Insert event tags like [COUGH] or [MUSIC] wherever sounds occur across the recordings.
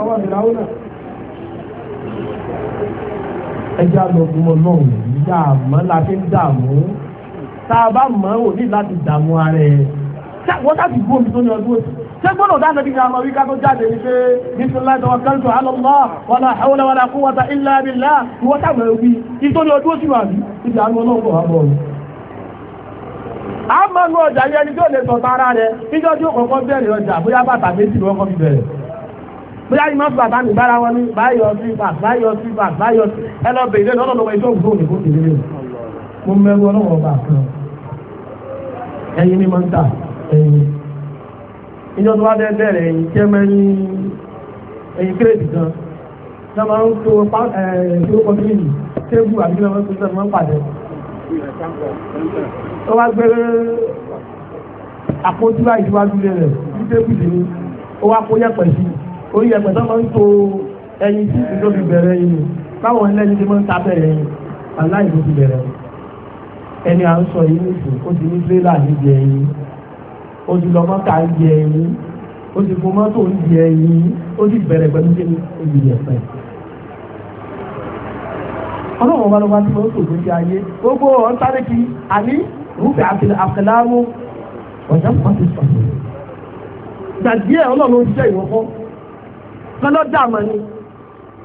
ọwọ́ ìdáwó náà. ẹjẹ́ àlọ́gbọ́n ọlọ́run dààmú la dààmú tá a bá mọ̀ ọ́ ní láti dààmú ara ẹ̀ wọ́n láti gbó tó ní ọdún òsì ṣé gbọ́dọ̀ dáná bí wíká tó jáde ní pé wala wọ́n táwọn ẹ̀wí ọdún òsì wà ní ìdí àánú wà bọ̀ a máa ń ọjà yẹn lè bí láti máa bàbá mi bára wọn ní báyọ̀ sí bá báyọ̀ sí bá báyọ̀ sí ẹ lọ bèèrè lọ́dọ̀ lọ́wọ́ ẹjọ́ ògbó òdìbò ìdílé mo mẹ́rú ọlọ́wọ́ bá kan ẹyin ni máa ń tà ẹyin ìjọ tó wá dẹ́ bẹ̀rẹ̀ ẹyin tí ẹ mẹ́rin ẹyin kírèdì kan tí wọ́n máa ń tó ẹ̀ẹ́dẹ́gbọ́n tó yìí tébù àbí kí wọ́n máa ń pàdé ó wá gbé àpótí báyìí síwájú lé rẹ̀ ní tébù sí ni ó wá kó yẹ̀pẹ̀ sí i orí ẹgbẹ̀ tó máa ń to ẹyin tí ìlú fi bẹ̀rẹ̀ yìí báwọn ẹlẹ́yin ti máa ń ta bẹ̀rẹ̀ yìí aláì ló ti bẹ̀rẹ̀ ẹni à ń sọ yìí nìsín ó ti ní tírélà níbi ẹyin ó ti lọ mọ́tà ń di ẹyin ó ti fún mọ́tò ń di ẹyin ó ti bẹ̀rẹ̀ pẹ̀lú kí ni ibi ẹ̀pẹ̀. ọlọ́run ọba ló bá ti máa ń tò lórí ayé gbogbo ọ̀n sáré kiri àní rúbẹ̀ àti àkàlámù ọ̀jọ̀ pàṣẹ pàṣẹ. gbàgbé ẹ̀ ọlọ́run ó ṣiṣẹ́ ìwọ́kọ́ kan lọ dààmú ni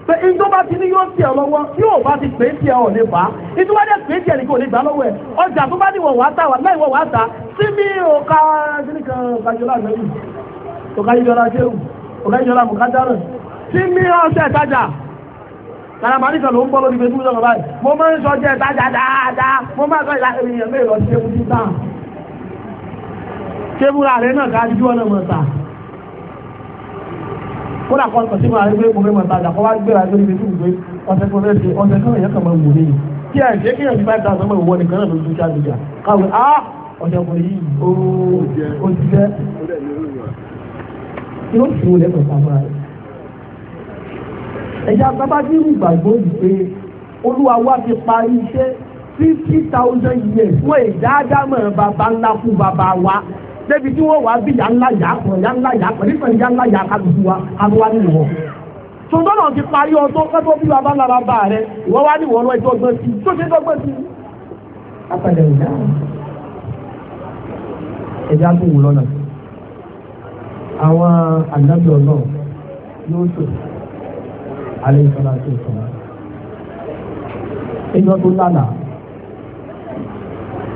pé ìjọ bá ti ní yóò tiẹ̀ lọ́wọ́ tí yóò bá ti pè é tiẹ̀ ò lè bá ìjọ bá dẹ̀ pè é tiẹ̀ ní kò lè gbà lọ́wọ́ ẹ̀ ọjà tó bá ní wọ̀n wá tà wà láì wọ̀n wá tà sí mi ò ka kíní kan kàjọlá àgbẹ̀yìn òkàjọlá jẹ́wù òkàjọlá mùkádàrọ̀ sí mi ọ̀sẹ̀ ìtajà kalamari kan ló ń bọ́ lórí ibi ìdúró lọ́wọ́ báyìí mo máa ń sọ jẹ́ ìtajà dáadáa mo máa sọ ìlànà èèyàn mélòó ṣe é kébùrà rẹ̀ náà ká kódà kan kò sí máa rí pé mo fẹ́ máa tajà kó wá lórí ibi tí ọ̀sẹ̀ kan fẹ́ ọ̀sẹ̀ kan èèyàn kan máa wò kí ẹ̀ ṣe kí ẹ̀sìn five thousand mọ̀ ìwọ nìkan náà lórí social media káwé á ọ̀sẹ̀ kan yìí ó ti jẹ́ kí ló sì wò lẹ́kọ̀ọ́ sáfara rẹ̀. ẹ̀yà bàbá tí yìí pé olúwa wa ti parí iṣẹ́ fifty thousand years wọ́n ì dáadáa mọ̀ bàbá ńlá fún bàbá wa débi tí wọ́n wá bí yàrá yàkùn yàrá yàkùn nípa yàrá yàkà dùdú nínú wọn. tòǹdọ́nà ti parí ọdún pẹ́pẹ́ bí wàá bá lára bá rẹ ìwọ wá ní ìwọ́n ẹjọ́ gbọ́n tó ṣe dọ́gbọ́n sí. apẹ̀lẹ̀ ìdá ẹ̀dá tó wù lọ́nà àwọn ànábì ọ̀nà yóò sọ alẹ́ ìsọ̀rọ̀ àti ìsọ̀rọ̀ ẹjọ́ tó lálàá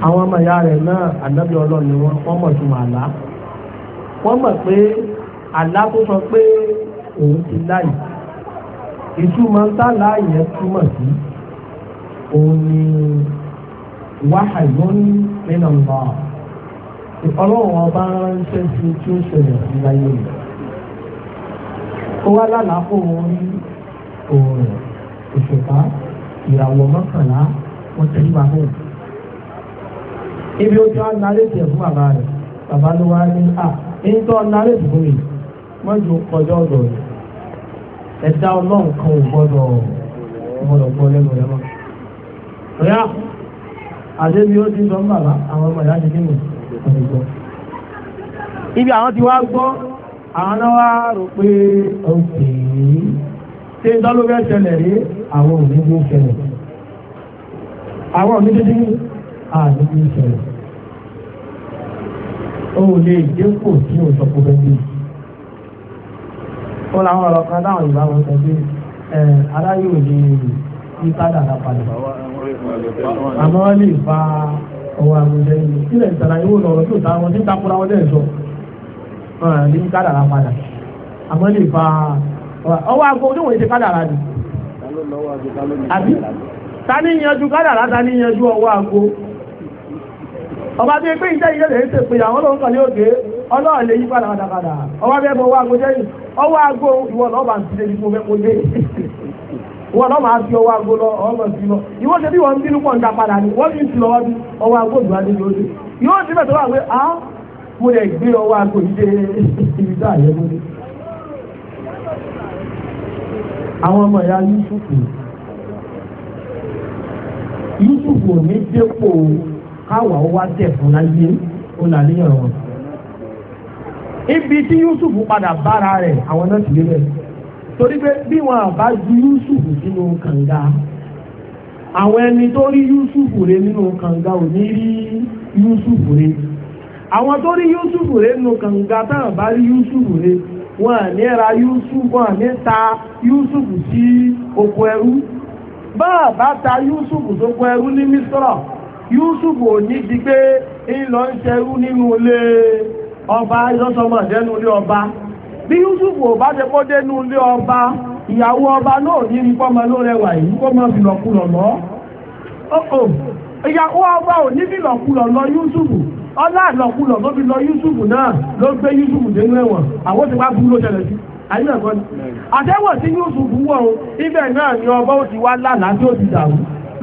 àwọn ọmọ ìyá rẹ̀ náà ànábì ọlọ́run ni wọ́n wọ́n mọ̀ tó mọ̀ àlá wọ́n mọ̀ pé àlá tó sọ pé òun ti láì ìtumọ̀ ńlá yẹn túmọ̀ sí òun ni wáhàyún nínú ọ̀la ọlọ́run ọba ránṣẹ́ sí tí ó ṣẹlẹ̀ sí láyé rẹ̀ ó wá lálàá kó wọn rí òòrùn òṣùpá ìràwọ̀ mọ́kànlá wọ́n tẹ́lẹ̀ wá fún un ibi ojú á narétì ẹ̀ fún bàbá rẹ̀ bàbá ló wá ní à ń tọ́ narétì fún mi wọ́n ju kọjá ọ̀dọ̀ rẹ̀ ẹ̀dá ọlọ́run kan ò gbọ́dọ̀ ọmọdọ̀ gbọ́ lẹ́nu rẹ̀ mọ́. ọ̀yá àdébí ó ti sọ ń bàbá àwọn ọmọ ìyá ti dínú ọ̀dọ̀ gbọ́. ibi àwọn ti wá gbọ́ àwọn náà wá rò pé òkè ṣé ń dánlógún ẹ̀ṣẹ̀lẹ̀ rí àwọn òní àníbi ìṣẹ̀lẹ̀ ó lè dínkù tí sọ bí ó láwọn dáhùn ìgbà wọn ní kádà àmọ́ lè fa ọwọ́ ìlú sílẹ̀ ìtara tí ta wọn tí ń takura wọn dẹ̀ ní kádà lápadà àmọ́ lè fa ọwọ́ àgbo oníwọ̀n ètè kádà rà àbí ta kádà ta ọba tí pé iṣẹ́ ilé lè ṣe pé àwọn n ka ní òkè ọlọ́run lè yí padà padà ọba bẹ́ẹ̀ bọ́ wá ago ọwọ́ ìwọ ń ìwọ á fi ọwọ́ lọ ọmọ sí lọ ìwọ ṣe bí wọ́n bínú pọ̀ ń ta padà ní wọ́n ti lọ́wọ́ bí ọwọ́ ti bẹ̀tọ̀ a mo lè gbé ọwọ́ káwà ó wá tẹ̀ fún láyé ó là níyàn wọn. ibi tí Yusuf padà bára rẹ̀ àwọn náà ti lé bẹ́ẹ̀ torí pé bí wọn bá ju Yusuf sínú kànga àwọn ẹni tó rí Yusuf rẹ̀ nínú kànga ò ní rí Yusuf rẹ̀ àwọn tó rí Yusuf rẹ̀ nínú kànga táwọn bá rí Yusuf rẹ̀ wọ́n ní ra yusuf wọ́n ní ta yusuf sí oko ẹrú báà bá ta yusuf sóko ẹrú ní mísírà Yusuf ò di pé ńlọ ń ṣerú nínú ilé ọba ìlọ́sọmọ dẹnu ilé ọba bí Yusuf ò bá ọba ìyàwó ọba náà ní ní ló rẹwà yìí kó lọ. Oh, oh. ìyàwó ọba ò ní fìlọ̀kulọ̀ lọ Yusuf ọlá àlọ́kulọ̀ ló fi lọ Yusuf náà ló gbé Yusuf àwọn ti wá ló sí àtẹ́wọ̀ sí Yusuf wọ̀ ibẹ̀ ọba ó ti wá tí ó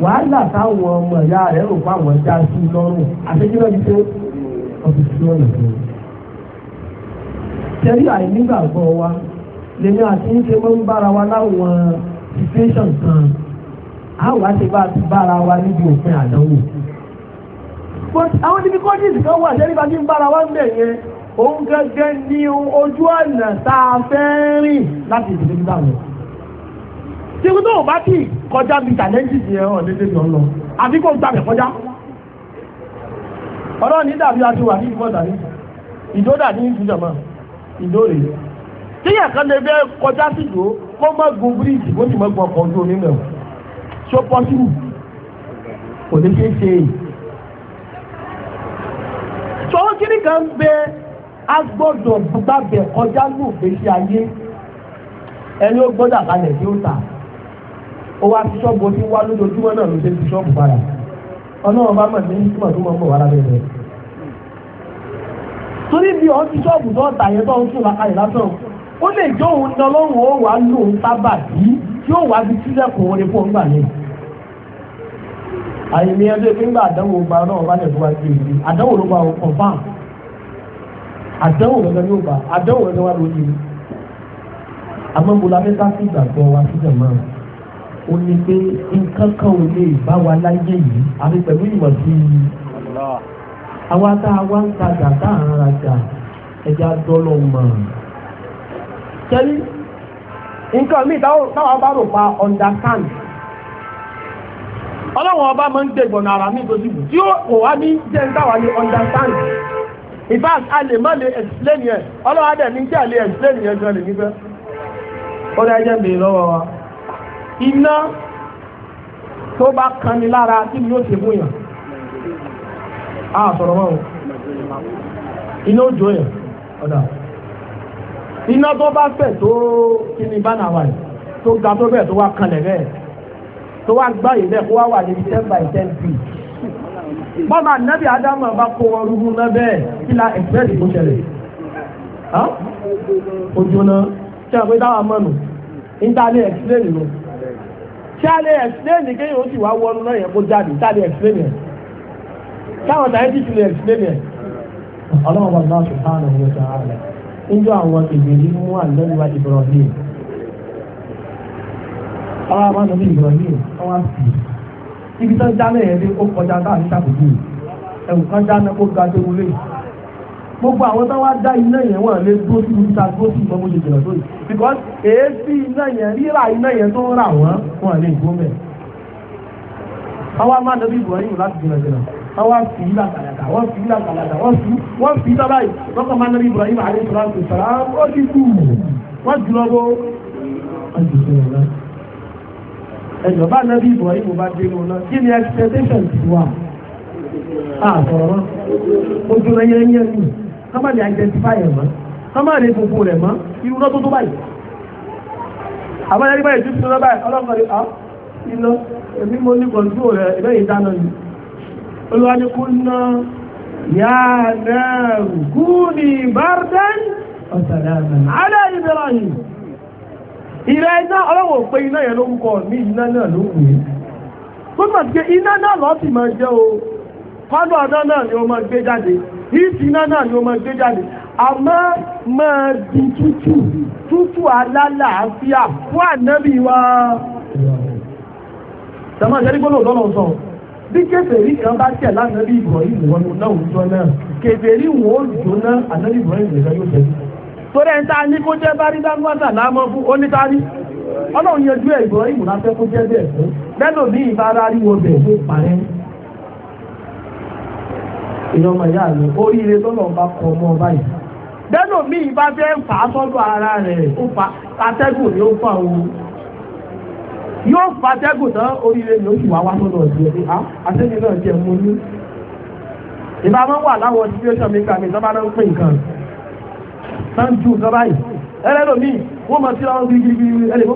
wàhálà táwọn ọmọ ìyá rẹ̀ rò fún àwọn já sí lọ́rùn àtẹ́jọ́ ti pé sí ọ̀nà tó. tẹ́lí àìnígbàgbọ́ wa lèmi àti ṣe bára wa láwọn situation kan bá wa níbi òpin àdánwò. àwọn kan wà tẹ́lí bá ti ń bára wa ń bẹ̀ yẹn òun gẹ́gẹ́ ní ojú tí ó tó bá tí kọjá bí challenges yẹn hàn lédè lọ lọ àbí kò gbà bẹ̀ kọjá ọ̀rọ̀ ní dàbí aṣọ wà ní ìfọ́ ìdó dàbí ìfúnjọmọ ìdó rèé tí yẹn kan lè bẹ kọjá sí ìdó kó mọ gun bíríìjì kó sì mọ gun ọkọ̀ ojú omi mẹ́wọ̀ kò ní ṣe é ṣe é ṣọwọ́ kiri kan bẹ agbọ́dọ̀ gbàgbẹ́ kọjá lóògbé sí ayé ẹni ó gbọ́dọ̀ àbálẹ̀ tí ó ta ó wá sí ṣọ́ọ̀bù tí wá lójoojúmọ́ náà ló ṣe fi ṣọ́ọ̀bù padà ọlọ́run bá mọ̀ sí túmọ̀ tó mọ̀ mọ̀ wá lábẹ́ rẹ̀. torí bí ọ ti ṣọ́ọ̀bù tó ọ̀tà yẹn tó ń sùn lákàlẹ̀ lásán ó lè jọ òun ní ọlọ́run ó wàá lò ń sábà bí tí ó wàá fi sílẹ̀kùn orin fún ọgbà yẹn. àyèmí ẹjọ́ ìpín gbà àdánwò gba ọlọ́run bá tẹ̀síwá sí ibi àdánwò ló gba ọ confam àdánwò gẹ́gẹ́ ló gba àdánwò gẹ́gẹ́ wá lójú àmọ́ mo la fẹ́ ká sí ìgbàgbọ́ wa sí jẹ̀mọ́ rẹ̀. ó ní pé nǹkan kan ò lè bá wa láyé yìí àbí pẹ̀lú i. àwa tá a wá ń tajà tá à ń rajà ẹja mọ̀. nǹkan mi pa understand ọlọ́wọ̀n ọba máa ń gbé ìgbọ̀nà ara mi tó dìbò tí ó wá ní jẹ́ understand in fact a lè má lè explain yẹn ọlọ́wọ́ adẹ̀ ní jẹ́ lè explain yẹn gan nífẹ̀ẹ́ ó dá ẹjẹ́ mi lọ́wọ́ iná tó bá kan ní lára tí mi yóò ṣe fún yàn á sọ̀rọ̀ mọ́ o iná òjò yẹn ọ̀dà iná tó bá fẹ̀ tó kí ni bá nàwà yìí tó ga tó bẹ́ẹ̀ tó wá kanlẹ̀ bẹ́ẹ̀ tó wá gbáyé bẹ́ẹ̀ kó wá wà ní ten by ten feet bọ́mà nẹ́bí adámọ̀ bá kó wọn rúrú náà kí la ẹ̀fẹ́ẹ̀dì kó ṣẹlẹ̀ ojú náà ṣe àpé dáwà mọ́nu níta ní ẹ̀fẹ́ẹ̀dì lọ ṣáàlẹ̀ ẹ̀sìlẹ́nì kéyìn ó sì wá wọnú náà yẹ kó jáde ṣáàlẹ̀ ẹ̀sìlẹ́nì ẹ̀ káwọn náà ti fi lè ẹ̀sìlẹ́nì ẹ̀. ọlọ́run bàbá subhanahu wa ta'ala níjọ àwọn ìgbèrí mú àlẹ́wà Ibrahim ọlọ́run àwọn ọmọdé Ibrahim ọwọ́ sí ibi tó ń dáná yẹn dé ó kọjá táà ń ṣàkóso ẹ̀wù kan dáná kó ga yìí gbogbo àwọn tó wá dá iná yẹn wọ́n lé tó ti ta tó ti gbọ́ bó ṣe jìnà tó yìí because èéfì iná yẹn rírà iná yẹn tó ń rà wọ́n wọ́n lè gbó mẹ́. àwa máa dẹ́bí Ibrahim láti jìnà jìnà àwa fi ilà kàlàkà wọ́n fi ilà kàlàkà wọ́n fi wọ́n fi ilà báyìí lọ́kàn máa dẹ́bí Ibrahim alayhi salatu wassalam ó ti kú wọ́n jù lọ bó wọ́n jù sọ yẹn ẹjọ bá nàbí Ibrahim bá dé lọ náà kí ni expectation ti wà? àtọ̀rọ̀ ojú ẹyẹ yẹn nù kọ́má lè identify ẹ̀ mọ́ kọ́má lè gbogbo rẹ̀ mọ́ irú náà tó tó báyìí àbájáde báyìí tuntun lọ́ba ọlọ́kọ̀ọ́lẹ́ ọ́ iná èmi mo ní kọ̀ǹtò rẹ̀ ìbẹ́yìí dáná ni olúwa ní kú ná yá náà kú ní bardan alẹ́ Ibrahim ìrẹ́ iná ọlọ́wọ̀ pé iná yẹn lórúkọ ní iná náà ló kù yìí tó mọ̀ sí iná náà lọ́ọ́ sì máa jẹ́ o kọ́dọ̀ ọ̀dọ́ náà ni ó máa gbé jáde ìtì náà ni ó máa gbé jáde àmọ́ máa di tútù tútù alálàáfíà fún ànábì wa tẹ̀mọ́ ìjẹ́rí gbọ́dọ̀ lọ́nà sọ bí kèfèrí kan bá tẹ̀ lánàbí Ibrahim a ní kó jẹ́ bá rí dáńgbàtà láàmọ́ fún onítàrí ọlọ́run yẹjú ẹ̀ Ibrahim láfẹ́ kó jẹ́ bẹ́ẹ̀ fún lẹ́nu ní ìbára rí wọn bẹ̀ fún parẹ́ èèyàn ọmọ ìyá mi oríire tọ́lọ̀ bá kọ ọmọ báyìí dẹ́nu mi bá fẹ́ fà á sọ́dọ̀ ara rẹ̀ ó fa atẹ́gùn ni ó fà o yóò fa atẹ́gùn tán oríire ni ó sì wá wá sọ́dọ̀ ọ̀dọ́ ẹ̀ á ah, atẹ́gùn náà jẹ́ mú ní. ìbá máa ń wà láwọn situation mi gbà mí sábà náà ń pè nǹkan náà ń ju nǹkan báyìí ẹlẹ́nu mi wọ́n mọ̀ sí àwọn gbígbígbí ẹlẹ́nu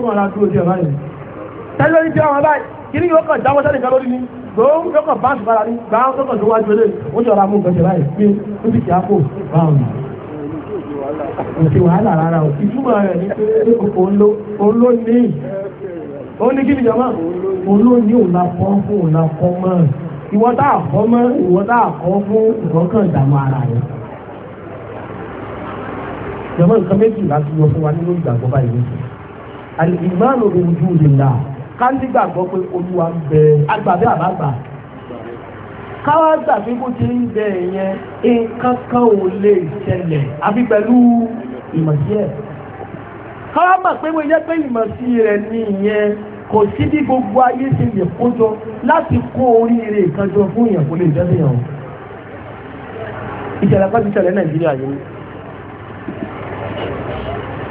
mọ̀ gbóhùn lọ́kọ̀ bá ti bára ní gbá lọ́kọ̀ tó wájú ilé ó jọra mú gbẹ̀jẹ̀ láì pé ó ti kì á kò báwọn òsì wàhálà rárá o ìtumọ̀ rẹ̀ ní pé oló ní ó ní kíni jọmọ́ oló ní òun akọ́ fún òun akọ́ mọ́ ìwọ tá àkọ́ mọ́ ìwọ tá àkọ́ fún ìkọ́kàn ìdààmú ara rẹ̀ jọmọ́ nǹkan méjì láti yọ fún wa nínú ìgbàgbọ́ báyìí alìgbàlódé ojú ìlà ká nígbàgbọ́ pé olúwa ń bẹ agbàbí àbágbà káwá gbà pé bó ti ń bẹ yẹn nǹkan kan ò lè ṣẹlẹ̀ àfi pẹ̀lú ìmọ̀ sí ẹ̀ káwá mọ̀ pé wọ́n yẹ pé ìmọ̀ sí rẹ̀ ní ìyẹn kò sí bí gbogbo ayé ṣe lè kójọ láti kó oríire kan jọ fún ìyẹn kò lè jẹ́ bẹ́ẹ̀ o ìṣẹ̀lẹ̀ kan ti ṣẹlẹ̀ nàìjíríà yìí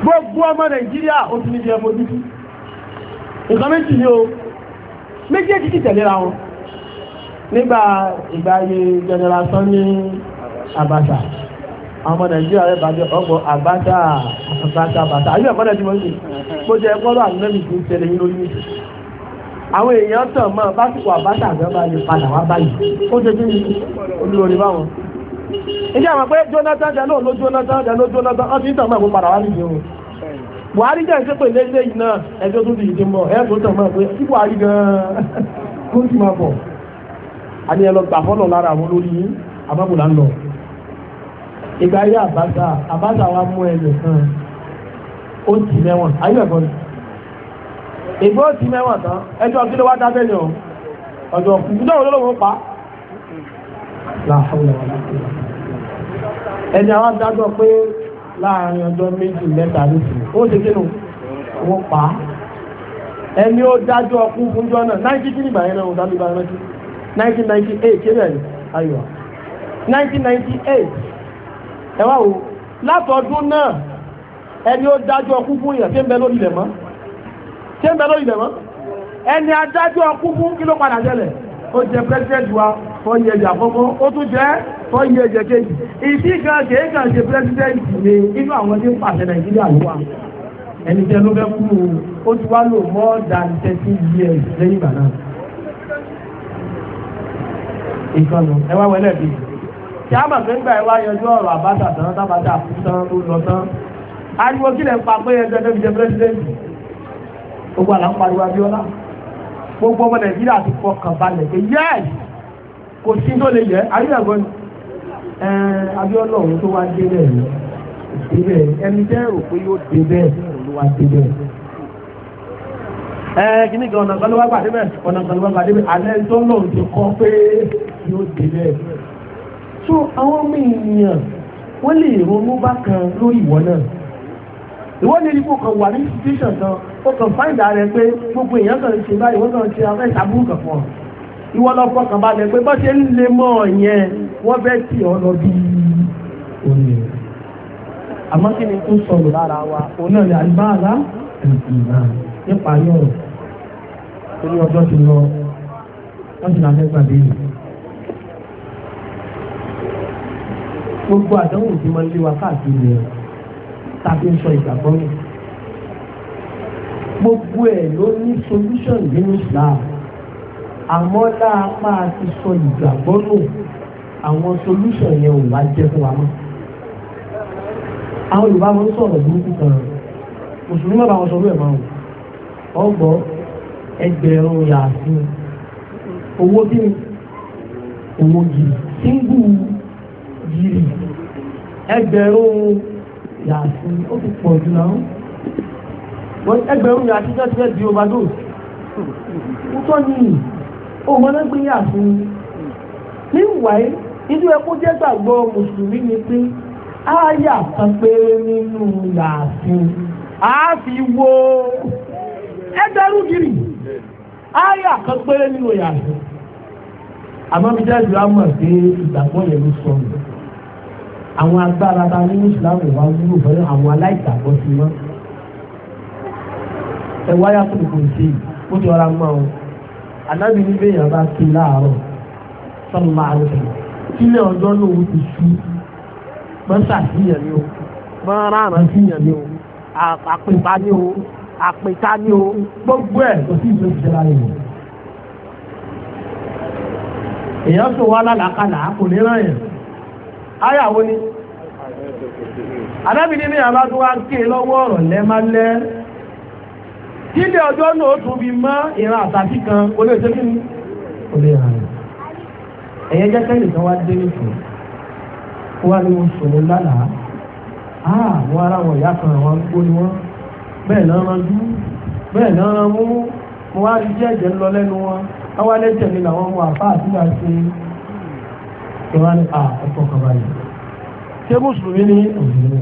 gbogbo ọmọ nàìjíríà ó ti ní bí ẹ fojú sí nǹkan méjì ni o méjèèjì ti tẹ̀léra wọn nígbà ìgbàyè generation ní Abacha ọmọ Nàìjíríà rẹ̀ bàjẹ́ ọgbọ̀ Abacha Abacha Abacha ayé ẹ̀kọ́ nàìjíríà mọ́sí mo jẹ́ ẹgbọ́rọ̀ àmì tí ń tẹ̀lé yín lórí nìsí àwọn èèyàn tàn mọ́ básìkò Abacha àgbẹ́bà lè padà wá báyìí ó jẹ́ kí olúorí báwọn ìdí àwọn pé Jonathan jẹ́ lóòó ló Jonathan jẹ́ ló Jonathan ó ti ń tàn mọ́ ìpò padà wá nìyí buhari jẹ́ ìṣe pé lẹ́lẹ́ yìí náà ẹjọ́ tó dìde mọ́ ẹ tó tàn máa pé tí buhari gan-an tó [LAUGHS] ti máa bọ̀ a ẹ lọ gbà fọ́lọ̀ lára àwọn olórí yín àbábòlá ń lọ ìgbà ayé àbáṣà àbáṣà wa mú ẹlẹ̀ kan ó ti mẹ́wọ̀n ayé ẹ̀kọ́ ni ìgbà ó ti mẹ́wọ̀n tán ẹjọ́ kí ló wá dábẹ́ yàn ọ̀dọ̀ ìjọ òun ló pa ẹni àwọn adájọ́ pé láàrin ọjọ́ méjì mẹ́ta lóṣù ó ṣe kínú wọ́n pa á ẹni ó dájọ́ ọkú fúnjọ́ náà náìjí kí nìgbà yẹn náà wọ́n dábí bá rántí 1998 kí bẹ́ẹ̀ ni ayọ̀ 1998 ẹ wá wò látọdún náà ẹni ó dájọ́ ọkú fún èèyàn tí ń bẹ lórí ilẹ̀ mọ́ tí ń bẹ lórí ilẹ̀ mọ́ ẹni adájọ́ ọkú fún kí ló padà jẹlẹ̀ ó jẹ president wa fọ́yẹ ẹ̀jẹ̀ àkọ́kọ́ ó tún jẹ́ fọ́yẹ ẹ̀jẹ̀ kejì ìdí kan kéèkà ṣe president ni inú àwọn tí ń pàṣẹ nàìjíríà ló wà ẹni jẹ́ ló fẹ́ kú ó ti wá lò more than thirteen years lẹ́yìn ìgbà náà ìkànnì ẹ wá wẹlẹ̀ bíi tí a mọ̀ pé ń gbà ẹ wá yanjú ọ̀rọ̀ àbáta tán tábàtà fún tán ó lọ tán ariwo kí lè pa pé ẹgbẹ́ tó fi jẹ pírẹ́sidẹ́ntì gbogbo àlàpàdé wa bí ọlá gbogbo ọmọ nàìjíríà ti fọkàn balẹ̀ pé yẹ́ẹ̀sì kò sí tó lè yẹ àríyàgbọ́ ni abíọ́lọ̀ ọ̀hún tó wá dé bẹ́ẹ̀ ni ìbẹ̀ ẹni tẹ́ rò pé yóò dé bẹ́ẹ̀ ló wá dé bẹ́ẹ̀. ẹ kíní kan ọ̀nà kan ló wá gbà débẹ̀ ọ̀nà kan ló wá gbà débẹ̀ alẹ́ tó lọ ti kọ́ pé yóò dé bẹ́ẹ̀. so àwọn ọmọ èèyàn wọ́n lè ronú bákan lórí ìwọ náà ìwọ ní ìdíkò kan wà ní institution kan ó kàn fáìdà rẹ pé gbogbo èèyàn kan ṣe báyìí wọ́n kàn ṣe afẹ́ ìtàbùrù kan fún ọ ìwọ lọ fọkàn balẹ̀ pé bọ́ ṣe ń lè mọ́ yẹn wọ́n fẹ́ tì ọ́ lọ bí omi àmọ́ kí ni tó sọ̀rọ̀ lára wa òun náà ni àlùbáàlá nípa yọ̀rọ̀ torí ọjọ́ ti lọ wọ́n ti làbẹ́ gbàgbé yìí. gbogbo àdánwò tí máa ń lé wa káàkiri rẹ̀ tàbí sọ ìgbàgbọ́ yìí gbogbo ẹ̀ ló ní solution nínú Islam àmọ́ láàpá ti sọ ìgbàgbọ́ nù àwọn solúṣọ̀ yẹn ò wá jẹ́ fún wa mọ́ àwọn Yorùbá wọn sọ̀rọ̀ burúkú kan mùsùlùmí bá wọn sọ̀rọ̀ ẹ̀ máa wò ọgbọ́ ẹgbẹ̀rún yàtún owó kí ni owó gírì síngù gírì ẹgbẹ̀rún yàtún ó ti pọ̀ jù náà ẹgbẹ̀rún yàtún jẹ́ ti fẹ́ di overdose ó tọ́ nìyí òun náà gbé yà fún un níwáyé nínú ẹkú jẹ́ gbàgbọ́ mùsùlùmí ni pé ááyà kan pé nínú yààfin àáfi wo ẹgbẹ́rún gírì ááyà kan pé nínú yààfin àmọ́ bí jáde wá mọ̀ pé ìgbàgbọ́ yẹn ló sọ nù àwọn agbára bá ní ìsìláàmù wa wúlò fẹ́ àwọn aláìgbàgbọ́ sí wọn ẹ wáyà kúrò kò sí i ó ti mọ́ ọ anábì ní bẹ́ẹ̀ yàrá kí láàárọ̀ sọ́nà àrùn kílẹ̀ ọjọ́ náà ó ti sú mọ́sà síyàn ni o mọ́ra àrùn síyàn ni o àpèpá ni o àpèká ni o gbogbo ẹ̀ kò sí ìlú ìjọba yìí. èèyàn sọ wá lálàkàlà kò ní ràn yẹn áyàwó ni anábì ní bẹ́ẹ̀ yàrá tó wá ké lọ́wọ́ ọ̀rọ̀ lẹ́málẹ́ tí ilé ọjọ́ náà ó tún bí mọ́ ìran àtàkì kan olè ṣe kí ni olè ràn yìí ẹ̀yẹ jẹ́ kẹ́lì kan wá dé nìkan ó wá ní mo sòrò lánàá àwọn ará wọn ìyá kan àwọn arúgbó ni wọ́n bẹ́ẹ̀ náà rán dú bẹ́ẹ̀ náà rán mú mo wá rí jẹ́jẹ́ lọ lẹ́nu wọn àwọn alẹ́jẹ̀ mi làwọn ọmọ àfáà tí wàá ṣe ìwà ní àkọ́kọ́ kan báyìí ṣé mùsùlùmí ní òṣèlú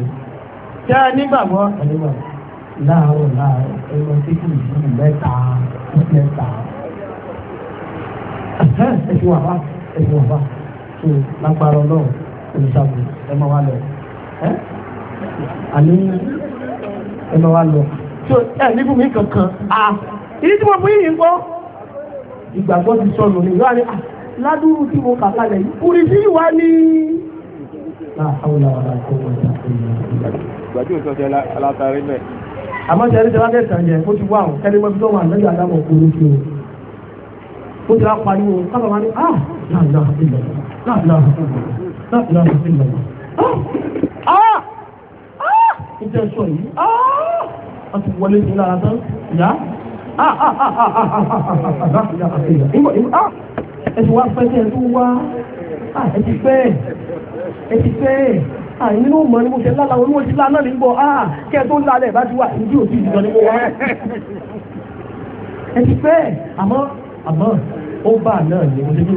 ṣé nígbàgbọ́ ẹ̀nígbàgbọ́ láàárọ̀ láàárọ̀ ẹ̀rọ títí ìlú mẹ́ta mẹ́ta ẹ̀sùn wà bá ẹ̀sùn wà bá tó lágbára ọlọ́run olùṣàgùn ẹ máa wá lọ àní ẹ máa wá lọ tó ẹ níbi mi kankan à ìdí tí mo mú yìí ń kọ́ ìgbàgbọ́ ti sọnù ní ìwádìí à ládùúrú tí mo kà kalẹ̀ yìí kúrì sí ìwà ní. láàárọ̀ làwọn àti ọmọ ìgbà tó ń sọ sí alátàrí bẹ́ẹ̀ àmọ́ ṣe ẹ̀ríṣẹ́ lábẹ́ ìtàn jẹ ó ti wá àwọn ẹni mọ́bí tó wà lẹ́yìn àdámọ̀ kó ló kí o ó ti wá pariwo kábà wá ní ah láàlá ìlọ láàlá ìlọ láàlá ìlọ ah ah ìjẹ́ ah, sọ yìí ah wọ́n ti wọlé sí lára tán ìyá ah ah ah ah ah ah ah ah, ah, ah ẹ ti wá pẹ́ sí ẹ tó wá ẹ ti pẹ́ ẹ ti pẹ́ àyìn ló mọ̀ ní mo ṣe lára wọn ní mo ti lá náà ní bọ̀ áà ah, kẹ́ ẹ tó ń lálẹ́ ìbá ti wà ìdí òsì ìjọ ní mo wá. ẹ ti fẹ́ àmọ́ àmọ́ ó bá náà ní mo ṣe ní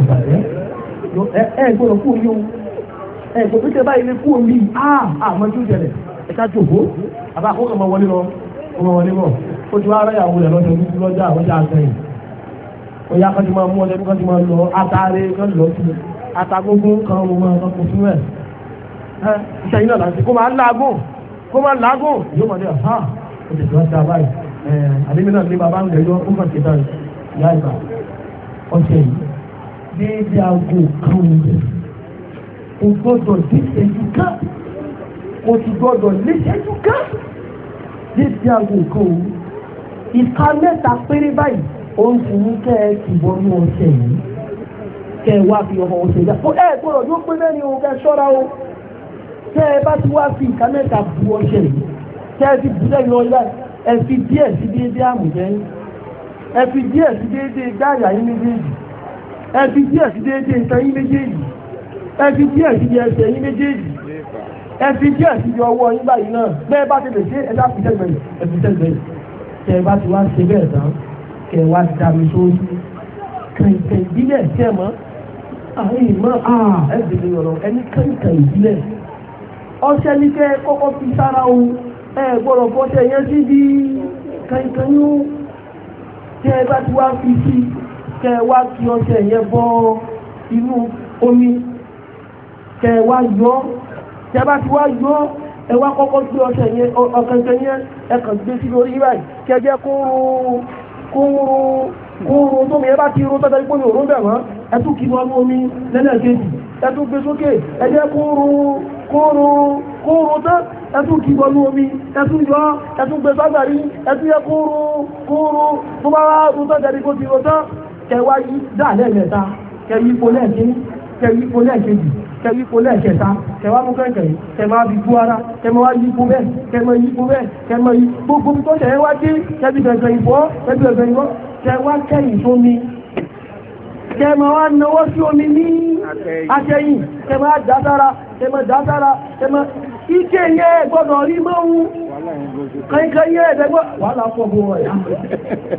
ìbàdàn ẹ ẹ gbọ́dọ̀ kú omi o ẹ gbọ́dọ̀ tẹ báyìí lè kú omi áà ah, ah, àmọ́ tí ó jẹlẹ̀ ẹ ká jòkó àbá àkókò ọmọ wọlé lọ ọmọ wọlé bọ̀ ó ti wá ara ìyàwó rẹ̀ lọ́sẹ̀ lọ́jà lọ́jà àgbẹ̀yìn ọ̀yà kan ti máa mú ọdẹ iṣẹ́ yìí náà láti kó máa láàgùn kó máa láàgùn yóò máa ní ọ̀sán ó ti tún ọ̀sán báyìí àdébí náà ní bàbá ń lè yọ ó kàn kíta ìyá ìgbà ọ̀sẹ̀ yìí déédéé aago kan òun kò gbọ́dọ̀ ní ìṣẹ́jú ká kò sì gbọ́dọ̀ ní ìṣẹ́jú ká déédéé aago kan òun ìka mẹ́ta péré báyìí òun sì ní kẹ́ ẹ ti wọnú ọ̀sẹ̀ yìí kẹ́ ẹ wá fi ọmọ ọ̀sẹ̀ yá ẹ gbọ́dọ̀ yóò pé mẹ́rin o kẹ́ ẹ ṣọ́ra o tẹ́ ẹ bá ti wá fi nǹkan mẹ́ta bu ọṣẹ yìí tẹ́ ẹ ti bu lẹ́yìn ọ̀la ẹ fi díẹ̀ sí déédé àmùjẹ́ ẹ fi díẹ̀ sí déédé gbáàyà yín méjèèjì ẹ fi díẹ̀ sí déédé nǹkan yín méjèèjì ẹ fi díẹ̀ sí di ẹsẹ̀ yín méjèèjì ẹ fi díẹ̀ sí di ọwọ́ yín báyìí náà bẹ́ẹ̀ bá ti lè ṣe ẹ dá fi tẹ́gbẹ̀ẹ́ ẹ fi tẹ́gbẹ̀ẹ́ tẹ́ ẹ bá ti wá ṣe bẹ́ẹ̀ tán kẹ́ ẹ wá dá mi sórí kẹ̀kẹ́ ìbílẹ̀ tẹ́ mọ́ àìmọ́ ẹ̀ẹ́dẹ̀gbẹ̀ ọ̀rọ̀ ọṣẹ ní kẹ́ kọ́kọ́ fi sára o ẹ gbọ́dọ̀ fọṣẹ yẹn sí bí kankanyú tẹ́ ẹ bá ti wá fi sí kẹ́ kí ọṣẹ yẹn bọ́ inú omi kẹ́ ẹ wá yọ tẹ́ ẹ bá ti wá yọ ẹ wá kọ́kọ́ gbé ọṣẹ yẹn ọ̀kankan yẹn ẹ kàn gbé sí lórí báyìí kẹ́ jẹ́ kóró kóró kóró tó mi ẹ bá ti ró tọ́jà kúrú kúrú tán ẹtún kí bọlú omi ẹtún yọ ẹtún gbé ságbàrí ẹtún yẹ kúrú kúrú tó bá wá rú tán jẹ́rí kó ti rò tán kẹwàá yí dà lẹ́ẹ̀mẹ́ta kẹyípo lẹ́ẹ̀kẹ́ kẹyípo lẹ́ẹ̀kejì kẹyípo lẹ́ẹ̀kẹta kẹwàá mú kẹ́kẹ́ kẹmà bí kú ara kẹmà wá yípo bẹ́ẹ̀ kẹmà yípo bẹ́ẹ̀ kẹmà yí gbogbo tó tẹ̀ wá dé kẹbi bẹ̀bẹ̀ ìbọ́ kẹbi bẹ̀bẹ̀ ìbọ́ kẹwàá kẹyìn tó mi kẹmà wá náwó sí omi ní àtẹ̀yìn kẹmà dására ẹmọ dáadára ẹmọ ike yẹ gbọ́dọ̀ rí mọ́wú kankan yẹ ẹ̀dẹ́gbọ́ wàhálà pọ̀ bó wọ̀ yá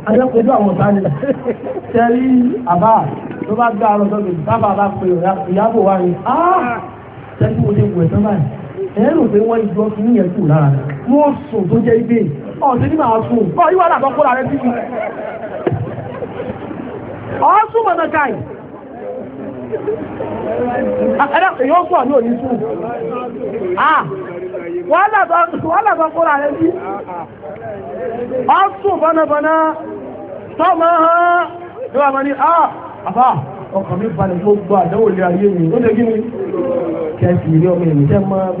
adẹ́kọ̀ọ́jú àwọn ọ̀tánì tẹ́rí àbá tó bá gbá àrọ̀ sọ́dọ̀ bábà bá pe ìyàbò wa ni tẹ́jú wo lè wọ̀ ẹ̀sán báyìí ẹ̀rù pé wọ́n ìjọ fún yẹn kù lára mo sùn tó jẹ́ ibè ọ̀sẹ̀ ní màá sùn ọ̀ yíwá làbọ̀ kó lára ẹ̀ sí mi ọ̀ sùn mọ̀nà káyìí ẹ̀dàkùn yóò pọ̀ ní òní fún wọ́n làbọ̀ kóra rẹ̀ sí ọ́sùn bọ́nàbọ́nà tọ́mọ́ hàn lọ́wọ́ mọ́ ní àbá ọkàn mi balẹ̀ tó gbọ́ ayé mi ó lè gí mi kẹfì rí ọmọ tẹ́ máa tó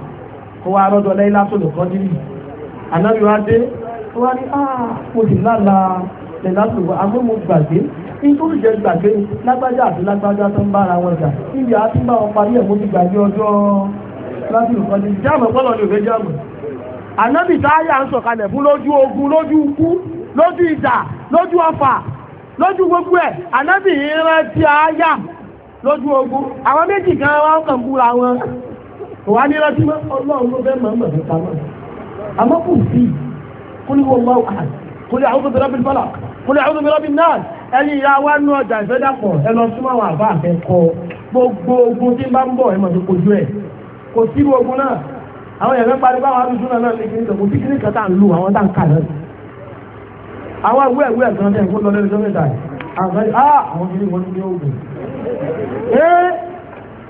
kó wá rọ́jọ́ lẹ́yìn látòlò kọ́dírì ànábì wá dé ó wá ní áà ah, mo sì lála lẹ́yìn látòlò àmọ́ mo gbàgbé nítorí jẹ́ gbàgbé lágbájá àti lágbájá tó ń bára wọn jà níbi àti bá wọn parí ẹ̀ mo ti gbàgbé ọjọ́ látòlò kọ́dírì jáàmù kọ́lọ̀ ni òwe jáàmù ànábì táyà ń sọ̀kalẹ̀ fún lójú ogun lójú ikú lójú ìjà lójú ọfà lójú gbogbo ẹ̀ ànábì ìrántí àáyà lójú ogun àwọn méjì kan wá ń kàn búra wọn wà ní rántí mọ́ ọlọ́run ló bẹ́ẹ̀ máa ń bẹ̀rẹ̀ pamọ́ àmọ́ kò sí kó ní wọ́n máa hàn kó ní àwọn obìnrin bíi fọlá kó ní àwọn obìnrin bíi náà ẹni ìyá wa nú ọjà ìfẹ́dàpọ̀ ẹ lọ súnmọ́ àwọn àbá àfẹ́kọ́ gbogbo ogun tí ń bá ń bọ̀ ẹ mọ̀ tó kojú ẹ̀ kò sí ogun náà àwọn èèyàn mẹ́pàá ní báwọn arúgbó náà náà ní kí kò sí kí kan tá à ń lu àwọn tá à ń kà náà àwọn ìwé ìwé ẹ̀sán náà kó lọ lẹ́nu tó mẹ́ta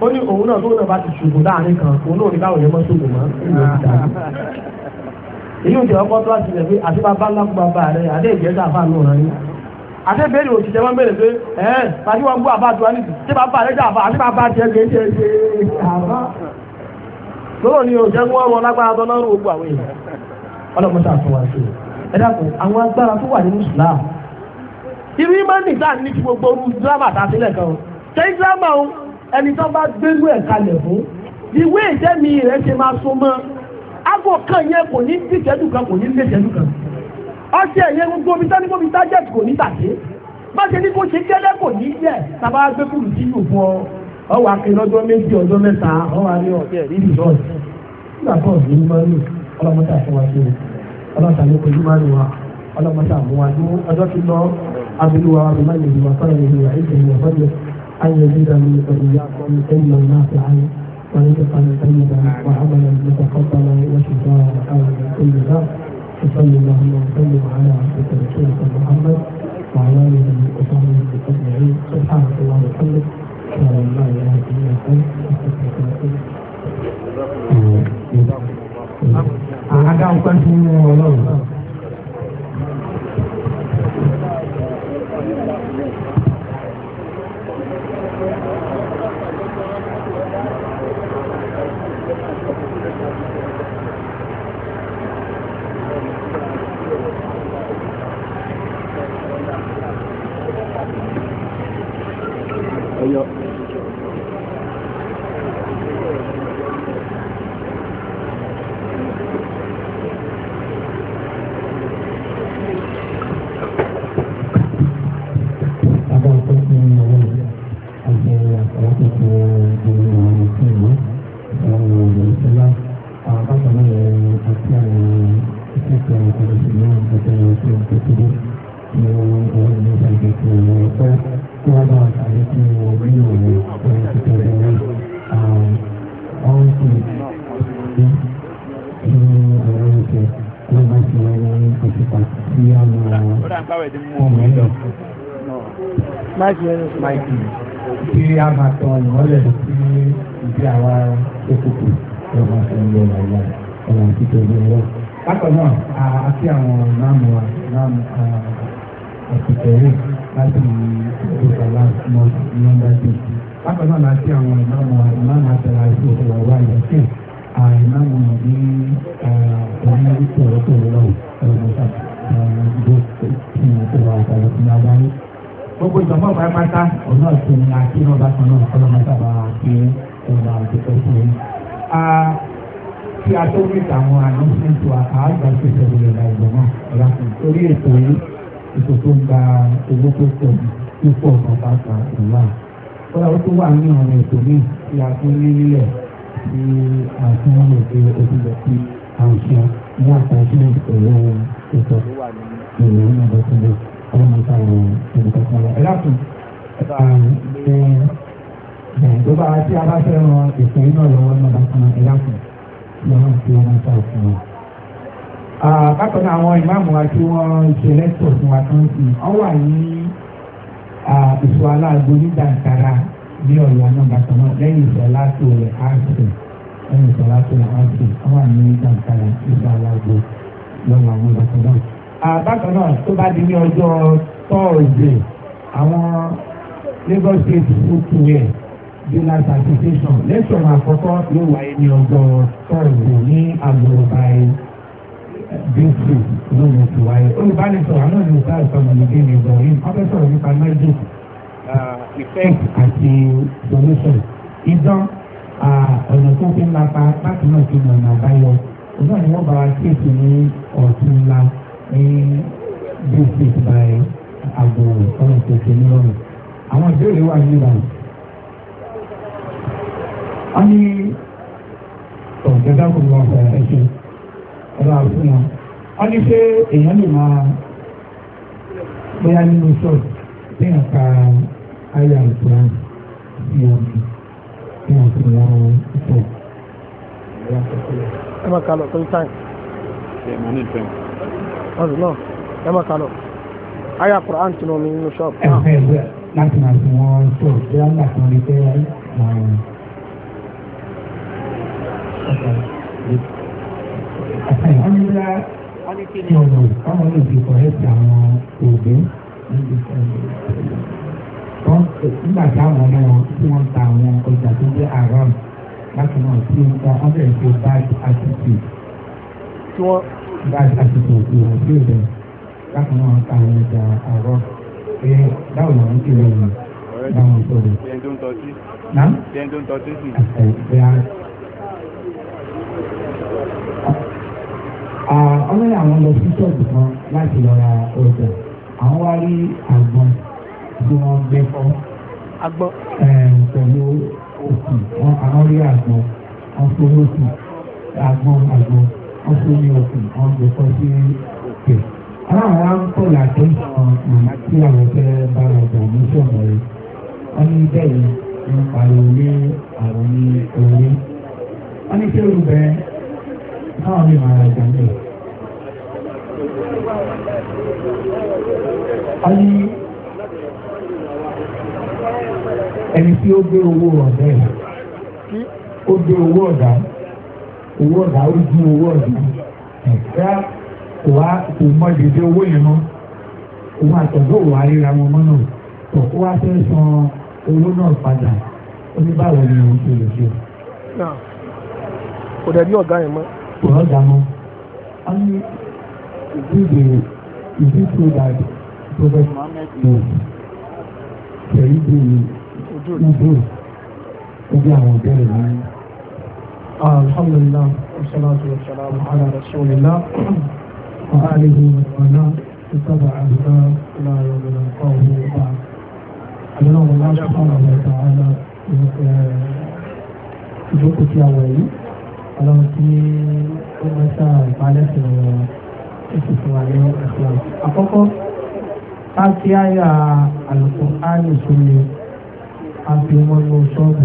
ó ní òun náà lóun náà bá ti ṣubú láàrin kan òun náà ní káwọn yẹn ṣubú èyí ò ọkọ tó láti pé wọn pé pàṣẹ wọn àbá tí bàbá rẹ̀ jà àbá àti bàbá tiẹ̀ kì í ṣe àbá lọ́wọ́ ni òṣìṣẹ́ ń wọ́n wọn lágbára tó lọ́rùn gbogbo àwọn èèyàn wá sí ẹ dákun àwọn agbára tó wà ní irú ní ti gbogbo dírámà tá a sílẹ̀ kan ṣé dírámà ẹni tó bá gbérú ẹ̀ kalẹ̀ fún ìwé ìjẹ́mi rẹ̀ ṣe máa so mọ́ ágò kan yẹn kò ní dìtẹ́dù kan kò ní létẹ́dù kan ọṣẹ yẹn gbogbo omi tání gbogbo tájẹ́tì kò ní tàdé bá ṣe ní kó ṣe gẹ́lẹ́ kò ní yẹ tàbá gbé kùrù sí yòó fún ọ ọwọ́ akin lọ́jọ́ méjì ọjọ́ mẹ́ta ọwọ́ alẹ́ ọ̀tẹ̀ rí rìsọ́ọ̀tì nígbà tó ọ̀sẹ̀ ní máa ń lò ọlọ́mọta fún wa ṣe ọlọ́ta ló kojú máa ń wa ọlọ́mọta mú wa ní ọjọ́ tó lọ abúlé wa wà ní máa ń lè wà fọ́nà lè wà ìṣẹ̀lẹ̀ ọ̀fọ́nà أن يزيدني وإياكم علما نافعا ورزقا طيبا وعملا متقبلا وشفاء من كل ذنب وصلى اللهم وسلم على عبدك رسولك محمد وعلى آله وصحبه أجمعين سبحانك اللهم وبحمدك أشهد أن لا إله إلا أنت أستغفرك وأتوب إليك. Àádá ọ̀pẹ́ fún ọlọ́run. báwẹ̀ ti mú ọmọ lọ. máìkì kí a máa tọ ọ̀nà lẹ̀ sí ìdí àwa òkùnkùn tí wọ́n máa fi ń lọ làwọn ọ̀nà àti ìtọ́jú ẹ̀rọ. a kí àwọn náàmù wa náàmù ọ̀sìtẹ̀rì láti ìdókòlá nọ́mbà tí. bákan náà láti àwọn náàmù wa náàmù àtẹ̀lá sí òkèlè ọ̀wá ìyàsẹ́ àìnáàmù ní ọ̀nà ìtọ̀rọ̀tọ̀rọ̀ náà ọ̀nà gbogbo ìjọba ọba pátá ọ̀nà ìsinmi àti ọba kan náà kọlọ́mọta bá ṣe ọba òṣìṣẹ́ fún mi. kí a tó rí àwọn ànọ́símẹ́ntì wa àgbà ṣẹṣẹ wọlé la ìgbọ̀nà ọ̀la kan torí ètò yìí ètò tó ń gba owó tó pọ̀ púpọ̀ ọba kan ìwà. kọ́lá ó tún wà ní ọ̀rọ̀ ètò mi tí a tún ní nílẹ̀ tí a tún lè fi ojú lọ sí àwùjọ ní àtàkì ẹ̀rọ ìtọ́ ìlú ìlú ìlú ọmọ ìta ìròyìn olùkọ́kọ́ rẹ̀. ẹ dákun ẹ tó bá tí a bá fẹ́ ran ìpín náà lọ́wọ́ náà dákun ẹ dákun lọ́wọ́ tí wọ́n ta òfin wọn. bákan náà àwọn ìmáàmù wa tí wọ́n ṣe lẹ́tọ̀ fún wa tán sí ọ wà ní ìṣọ́ aláàgbò nígbà ìtara ní ọ̀la náà bákan náà lẹ́yìn ìṣọ́ láti òwe áàsì ẹni sọ̀rọ̀ àti àti àwọn àmì ìdàgbàsáré ìgbà aláàbò lọ́wọ́ àwọn ìdàkọ̀ náà. àbákan náà tó bá di ní ọjọ́ tọ́ọ̀dẹ̀ àwọn Lagos State footwear dealers association lẹ́sọ̀rọ̀ àkọ́kọ́ yóò wáyé ní ọjọ́ tọ́ọ̀dẹ̀ ní agbóhùnbá bíntì lónìí ti wáyé olùbánisọ̀rọ̀ àwọn ènìyàn sáà sọ̀rọ̀ nígbè ní ìbọ̀wé ọbẹ̀ sọ̀rọ̀ nípa magic uh, effect àti solution ìdán ọ̀nà tó fi ń lapa láti náà fi mọ̀nà àbáyọ òun ni wọ́n bá wa kéèkì ní ọ̀tún ńlá ní district by àgbò ọ̀nà tó fi ní lọ́rùn àwọn ìbéèrè wà nígbà yìí. a ní ọ̀gẹ́dá kò lọ ọ̀fẹ́ ẹ̀ṣẹ̀ ẹ̀rọ àfúnà a ní ṣé èèyàn lè máa bóyá nínú ṣọ́ọ̀tì bí nǹkan ayé àìsàn sí omi ní àtìwọ́n ìfọ̀. ẹ máa kà lọ tó ń táì. ṣe mo ní ìfẹ́. ọ̀rọ̀ náà ẹ máa kà lọ. ayé àkùrọ̀ à ń tinú mi nínú ṣọ́ọ̀bù. ẹ fẹ́ bẹ́ẹ̀ láti máa fi wọ́n tó bí wọ́n gbà kan lè fẹ́ máa. ọ̀sẹ̀ ọ̀nìyá ọmọ yóò fi kọ̀ ẹ́ àwọn òbí níbi ìfẹ́ wọ́n nígbà táwọn ọmọ wọn tí wọ́n ta àwọn ọjà tó jẹ́ haram láti náà tí ó ń ta wọ́n bẹ̀rẹ̀ sí bad attitude. tí wọ́n bad attitude ìwà tí ó bẹ̀rẹ̀ láti náà ta àwọn ọjà àárọ̀ pé báwo làwọn ti rẹ̀ wọ̀ báwọn sọ̀rọ̀. ṣé ń tó ń tọ́jú? ṣé ń tó ń tọ́jú sí? àṣà ìgbé ara. ọlọ́yà àwọn lọ sí ṣọ́ọ̀bù kan láti lọ ra ọjà àwọn wá rí àgbọn tí wọ́n gbé fọ́ pẹ̀lú òkú wọn àwọn rí àgbọn wọn tó lókù àgbọn àgbọn wọn tó ní òkú wọn gbé fọ́ sí òkè. aláwọ̀ wa ń pọ̀ láti sàn màmá tí àwọn fẹ́ bá wọn bọ̀ ní sọ̀rọ̀ rẹ̀ wọ́n ní bẹ́ẹ̀ ni ń pariwo ní àwọn ní orí. wọ́n ní kí olùbẹ́ náà ní màrà ìgbàlẹ̀. wọ́n ní. ẹni tí ó gbé owó ọ̀dà ẹ̀ hmm? ó gbé owó ọ̀dà owó ọ̀dà ó ju owó ọ̀dà ẹ̀ka kò wá kò mọ dèdè owó yẹn mọ́ òun àtọ̀gbọ́ òwò àríra wọn mọ́ náà tó kó wá fẹ́ san owó náà padà ó ní báwo ni òun ṣe lè ṣe. kò dẹ̀ bí ọ̀gá yẹn mọ́. kò ọ̀gá mọ́ a ní ìdíje ìdíje that Prophet Muhammad knows. Kẹ̀rí bíi ojú òní. Ojú àwọn ìbéèrè ní. Alhamdulillah, wassalatu wassalamu ala rasulillah, wa alihi wa sallam, ìtàbà àdúrà láàrin ọ̀gbìn ọ̀pá òun ọ̀pá. Àdúrà wọn máa ń sọ̀rọ̀ àwọn ọ̀tá àlà ìjókòó tí a wà yìí. Ọlọ́run tí ó máa ń sá ìpalẹ̀ sí ọ̀rọ̀ ìsìnkú wa ní ẹ̀sìn àkọ́kọ́. Ká kí á yà àlùkò áyè sómi àti wọn ní ṣọ́ọ̀bù.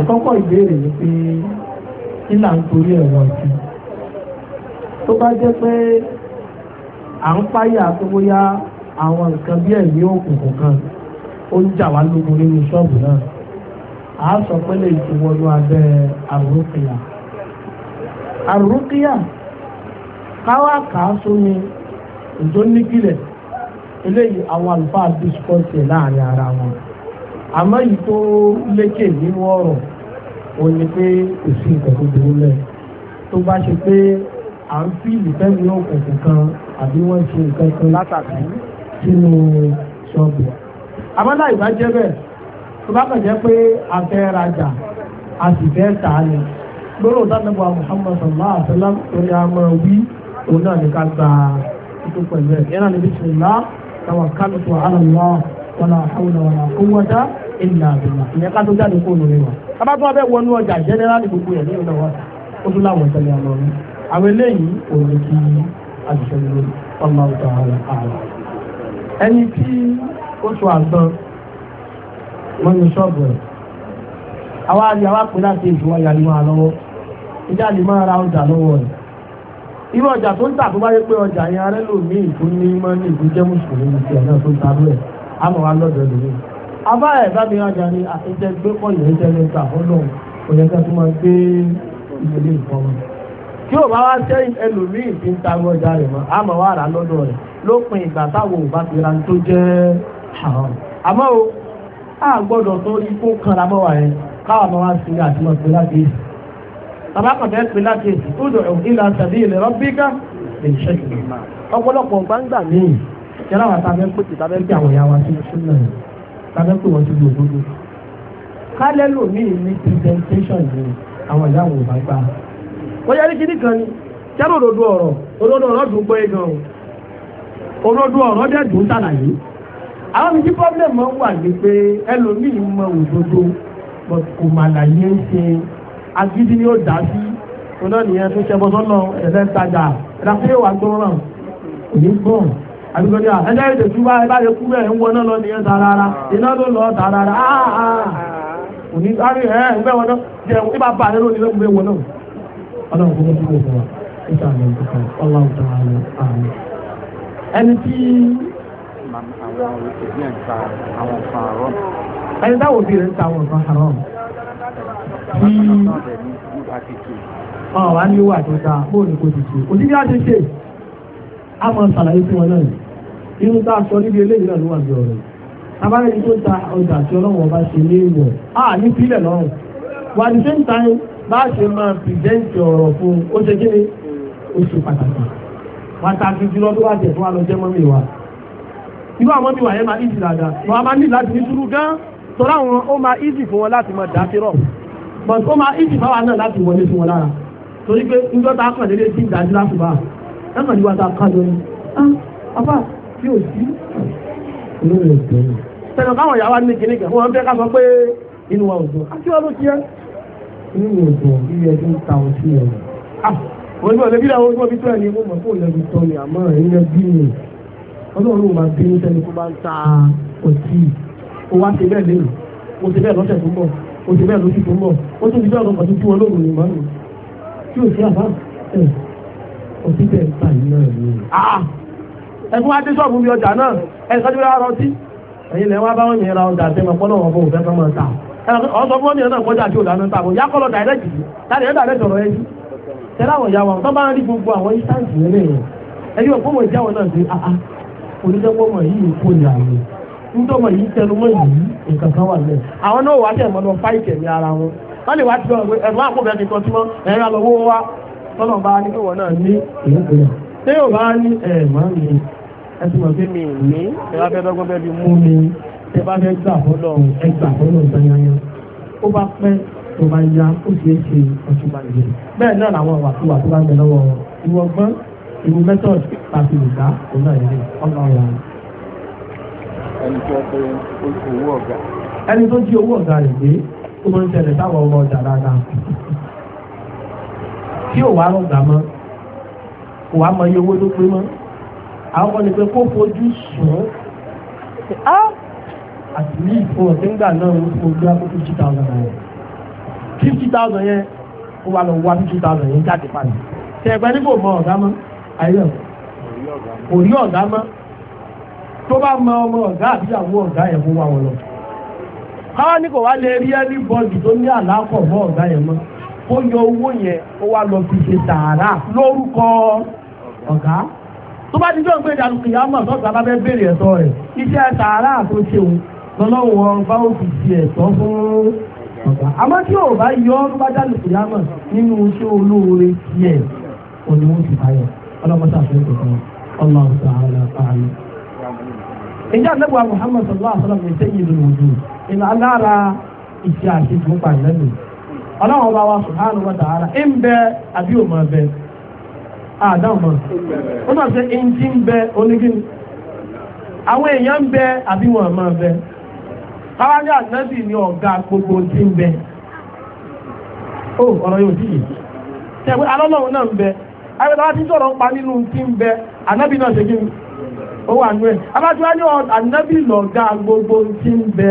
ìkọ́kọ́ ìbéèrè ni pé nílà ń torí tó bá jẹ́ pé à ń páyà tó bóyá àwọn nǹkan bí ẹ̀mí òkùnkùn kan ó ń jà wá a sọ pé lè ti wọnú abẹ́ káwá sómi eléyìí àwọn àlùfáà discourse láàrin ara wọn àmọ́ yìí tó lékè nínú ọ̀rọ̀ o ní pé kò sí nǹkan tó burú lẹ̀ tó bá ṣe pé à ń fi ìfẹ́mi òkùnkùn kan àbí wọ́n ṣe nǹkan kan látàkì sínú ṣọ́ọ̀bù àmọ́ láì bá jẹ́ bẹ́ẹ̀ tó bá kàn jẹ́ pé a fẹ́ rajà a sì fẹ́ tà á ni lórí òtánàbọ̀ Muhammad sallallahu alaihi wasallam tó ní a máa wí òun náà ní ká gba ètò pẹ̀lú ẹ̀ yẹn náà ní bísí tawakkaltu ala Allah wala hawla wala quwwata illa billah ìyẹn ká tó jáde kó lórí wa ká bá tún abẹ́ wọnú ọjà jẹ́nẹ́rálì gbogbo ẹ̀ ní ìlú wa ó tún láwọn ìṣẹ̀lẹ̀ ọlọ́run àwọn eléyìí kò ní kí àṣìṣe lórí ọmọ ọ̀tọ̀ àwọn ààrẹ ẹni tí ó tún àgbọn wọn ní ṣọ́ọ̀bù rẹ̀ àwa ni àwa pè láti ìṣúwọ́ ìyàlímọ́ àlọ́wọ́ ìjáde máa ra ọjà lọ́wọ́ rẹ̀ irú ọjà tó ń tà tó bá yẹ pé ọjà yẹn arẹ́ lò ní ìfún ní mọ́ ní ìfún jẹ́ mùsùlùmí ti ọ̀nà tó ń ta lóẹ̀ àmọ́ wa lọ́dọ̀ lómi. abá ẹ̀ sábẹ́ ọjà ni àtẹ̀jẹ́ ah, gbé pọ̀ yẹn jẹ́ lẹ́ta ọlọ́run òyìnká tó máa gbé ìdílé ìfọ́nmọ́. tí ò bá wá jẹ́ ẹlòmíì ti ń ta ọjà rẹ̀ mọ́ àmọ́ wa rà lọ́dọ̀ rẹ̀ lópin ìgbà táwọn ò bá ti ra tó jẹ́ àwọn. àmọ́ o a gbọ́dọ̀ tó ikú kan bàbá kan bẹ́ẹ̀ pé láti ìdúdò ìlà tàbí ilẹ̀ rọ́bíkà èyí ṣẹ́jú ọ̀pọ̀lọpọ̀ gbangba míì yàrá wa tàbí pé ti tàbí pé àwọn ìyá wa ti sún náà tàbí pé wọ́n ti lò gbogbo kálẹ́ lòmíì ní presentation yìí àwọn ìyá wọn ò bá gbà wọ́n yẹ kí nìkan ni jẹ́rọ òdodo ọ̀rọ̀ òdodo ọ̀rọ̀ dùn pé gan òdodo ọ̀rọ̀ dẹ̀ dùn sàlàyé àwọn mi tí pọ́blẹ̀mù wà ní pé ẹlòmíì mọ òdodo kò mà láyé ń ṣe agídí ni ó dá sí ọ̀nà nìyẹn tó ṣẹbọ sọ́nà ẹ̀fẹ́ tajà ẹ̀dá fún yóò wá gbọ́n náà òní gbọ́n àbíkọ́ni à ẹ̀dá ètò ìtura ẹ bá lè kú bẹ́ẹ̀ ń wọná lọ nìyẹn tààrà iná ló lọ tààrà òní sáré ẹ̀ ń bẹ́ wọn náà jẹ́ ìbá bá rẹ̀ lónìí lọ́gbẹ́ wọn náà ọlọ́run kò tó kúrò fún wa ìta àmì ìdúkọ̀ ọlọ́run tó àmì àmì ẹni tí ẹni táwọn òbí rẹ̀ ń ta àwọn nǹkan àrọ́ tí ọ̀wá ní wà tó dáa bóòlù kò dìde kò sí bí a ti ṣe a máa ṣàlàyé fún wọn náà irú tá a sọ níbi eléyìí náà ló wà ní ọ̀rọ̀ abáyẹni tó ta ọjà tí ọlọ́wọ́ bá ṣe ní ìwọ̀ a ní pílẹ̀ lọ́rùn wà ní same time bá a ṣe máa pìrìsẹ́ǹtì ọ̀rọ̀ fún ó ṣe kí ni ó ṣe pàtàkì pàtàkì jùlọ tó wà tẹ̀ fún alọ́jẹ́ mọ́mí wa irú àwọn mọ́mí wa yẹn máa ń ìsì dáadáa wọ́n a máa ń ní láti ní sùúrù gan-an tọ́lá wọn ó máa easy fún wọn láti máa dá sí rọ̀ but ó máa ìtì fáwa náà láti wọlé sí wọn lára torí pé nígbà tá a kàn déédéé sí ìdájú láti bá a lọ́kàn níwájú akájọ ni ah apá tí ò sí. sẹ̀nà káwọn ìyàwó ní kinní kan wọ́n fẹ́ ká sọ pé inú wa ò dùn àti ah, wọn ló ti yẹ. inú mi ò dùn bí ẹ ti ń ta ọtí ẹ. òun ìgbà òbí làwọn onímọ̀ bí tó ẹ̀ ní mo mọ̀ fún òun ẹ̀mí ni àmọ́ ẹ̀yìn ẹbí mi ọlọ́run máa bínú sẹ́ni tó bá ń ta ọtí ó wá ti bẹ́ẹ̀ lé oṣù bẹ́ẹ̀ lóṣù tó ń bọ̀ ó fi bẹ́ẹ̀ lọ́kàn tó kí wọn lóòrùn ìmọ̀ nù tí ò sí àbá ọtí bẹ́ẹ̀ bá yìí náà ni. ẹ̀fún wa dé sọ́ọ̀bù mi ọjà náà ẹ̀ sọ́jú bá rọ sí ẹ̀yin lẹ́wọ́n bá wọn yẹn ra ọjà tẹ́ pọ́nà òfẹ́ ta fún wọn yẹn náà kọjá ya kọ́lọ̀ ntọ́mọ yìí tẹnumọ́ yìí nǹkan kan wà lẹ́yìn àwọn náà wà á tẹ̀ mọ́nà fáìtì ẹ̀mí ara wọn wọ́n lè wá ti dọ̀rọ̀ pé ẹ̀rọ àpòbẹ̀ ti tọ́ símọ́ ẹ̀rọ àlọ́wọ́ wa tọ́lọ̀ bá ní ìwọ náà ní ìlú ìpínlẹ̀ tí yóò bá ní ẹ̀ máa mi ẹ ti mọ̀ pé mi ní ẹ bá fẹ́ dọ́gbọ́n fẹ́ fi mú mi ẹ bá fẹ́ gbà fọ́lọ̀ ẹ gbà fọ́lọ̀ gbanyanya ó bá pẹ́ tó bá ya ó sì é ṣe ọtún bá nìyẹn bẹ́ẹ̀ náà làwọn ìwàkiwà ẹni tó pé owó ọ̀gá. ẹni tó jí owó ọ̀gá rẹ̀ gbé ó máa ń ṣẹlẹ̀ táwọn ọmọ ọjà dáadáa tí ò wá rọ̀gà mọ́ kò wá mọ iye owó tó pé mọ́ àwọn kan ní pé kó fojú sùn àti ní ìfún ọ̀sẹ̀ ńgbà náà ó fún ojú fifty thousand naira fifty thousand yẹn ó wà lọ wá fifty thousand yẹn jáde padà tẹ̀gbẹ́ ní kò mọ ọ̀gá mọ́ ayé ọ̀gá kò rí ọ̀gá mọ́ tó bá mọ ọmọ ọ̀gá àbíyàwó ọ̀gá yẹn mú wa wọn lọ. káwọn ní kò wá lè rí ẹni bọ́ọ̀dù tó ní àlákọ̀ mọ́ ọ̀gá yẹn mọ́ kó yọ owó yẹn ó wá lọ fi ṣe tààrà lórúkọ ọ̀gá tó bá ti jọ pé ìdàlù kìyà mọ̀ sọ́ọ̀tà bá fẹ́ béèrè ẹ̀tọ́ rẹ̀ iṣẹ́ tààrà tó ṣe òun lọ́lọ́wọ́ bá ó fi ṣe ẹ̀tọ́ fún ọ̀gá àmọ́ tí ò bá yọ ọ́ bá dàlù kìyà mọ̀ nínú iṣẹ́ olóore tiẹ̀ òní wọ́n ti báyọ̀ ọlọ́mọ sàfihàn ọlọ́run sàárà pààlọ́ ìjọ anábọ̀ Muhammad sallallahu alaihi wa sallam ní sẹ́yìn ìlú alára ìṣe àṣe tó ń ọlọ́run ọba wa subhanahu wa ta'ala ń bẹ àbí òmò bẹ àdáhùn ó náà ṣe ẹnjí ń bẹ onígin àwọn èèyàn ń bẹ àbí wọn bẹ káwá ní ọ̀gá gbogbo ń bẹ ó ọ̀rọ̀ yóò tẹ̀wé alọ́lọ́run náà ń bẹ ti sọ̀rọ̀ ń pa nínú ń bẹ ó wà nú ẹ̀ abájúwá ní ànábì lọ̀gá gbogbo tí ń bẹ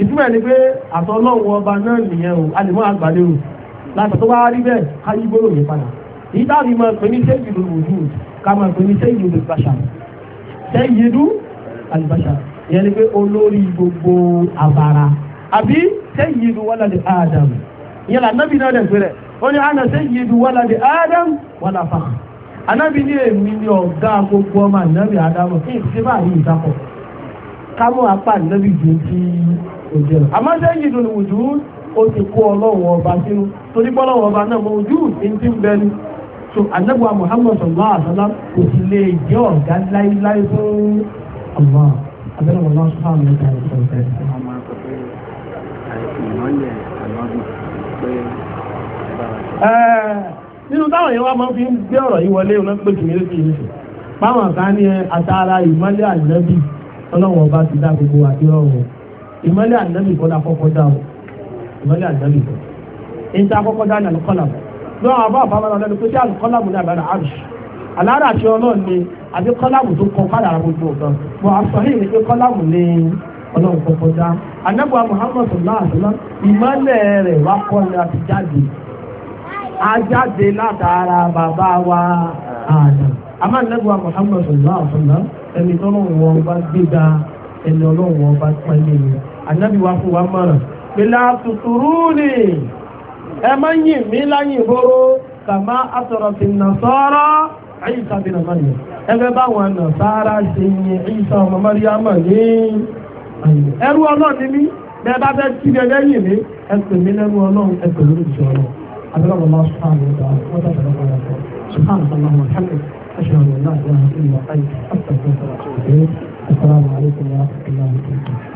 ìtumọ̀ ni pé àtọ́lọ́wọ́ ọba náà nìyẹn o a lè mọ́ àgbàlẹ́ o látọ̀ tó bá rí bẹ́ẹ̀ ká yí gbóró yẹn padà èyí táàbí máa pè ní sẹ́yìn ló wùdú ká máa pè ní sẹ́yìn ló bàṣà sẹ́yìn ló àlùbàṣà ìyẹn ni pé olórí gbogbo àbára àbí sẹ́yìn ló wọ́lá di Adam ìyẹn lànàbì náà dẹ̀ pé rẹ̀ ó ní àná sẹ́yìn ló wọ́lá di Adam wọ́lá fáà anábì ní èmi ni ọ̀gá gbogbo ọmọ ànábì adámọ̀ kí n ṣe bá yìí ìtakọ̀ kámọ́ apá ànábì ju ti òjò lọ àmọ́ sẹ́yìn ìdùnnú ojú ó ti kó ọba sínú torí ọba náà mọ ojú ń so anábì wa kò sì lè jẹ́ ọ̀gá láíláí fún ọmọ abẹ́rẹ́ wọn nínú táwọn yẹn wá máa fi ń gbé ọ̀rọ̀ yìí wọlé ọ̀nà pé kìí lè fi kan ní àtàrà ìmọ́lẹ̀ ànábì ọlọ́run ọba ti dá gbogbo àti ọ̀run ìmọ́lẹ̀ ànábì kọ́ kọ́kọ́ dá o ìmọ́lẹ̀ ànábì kọ́ a kọ́kọ́ dá ní alukọ́làmù lọ́wọ́ àbá àbámọ́ra ọlọ́run pé alukọ́làmù ní alára àti gbogbo ajáde látara bàbá wa àná àmà nẹ́gbà Muhammad ọ̀sánná ẹni tó lọ́wọ́ wọn bá gbéga ẹni ọlọ́wọ́ wọn bá pẹ́lẹ́ ni ànábì wa fún wa mọ̀ràn pẹ̀lú àtùtùrú ni ẹ má yìn mí láyìn horo kàmá àtọ̀rọ̀ ti nà sọ́rọ́ Ìsá bin Maryam ẹgbẹ́ báwọn Nàsárà ṣe yin Ìsá ọmọ Maryama ní ẹrú ọlọ́ọ̀ni mi bẹ́ẹ̀ bá fẹ́ kí ẹgbẹ́ yìn mí ẹ pè mí lẹ́rú ọlọ́run ẹ pè lórí ìṣọ́ أبلغ الله سبحانه وتعالى وتعالى على سبحانك اللهم وبحمدك أشهد أن لا إله إلا أنت أستغفرك وأتوب إليك السلام عليكم ورحمة الله وبركاته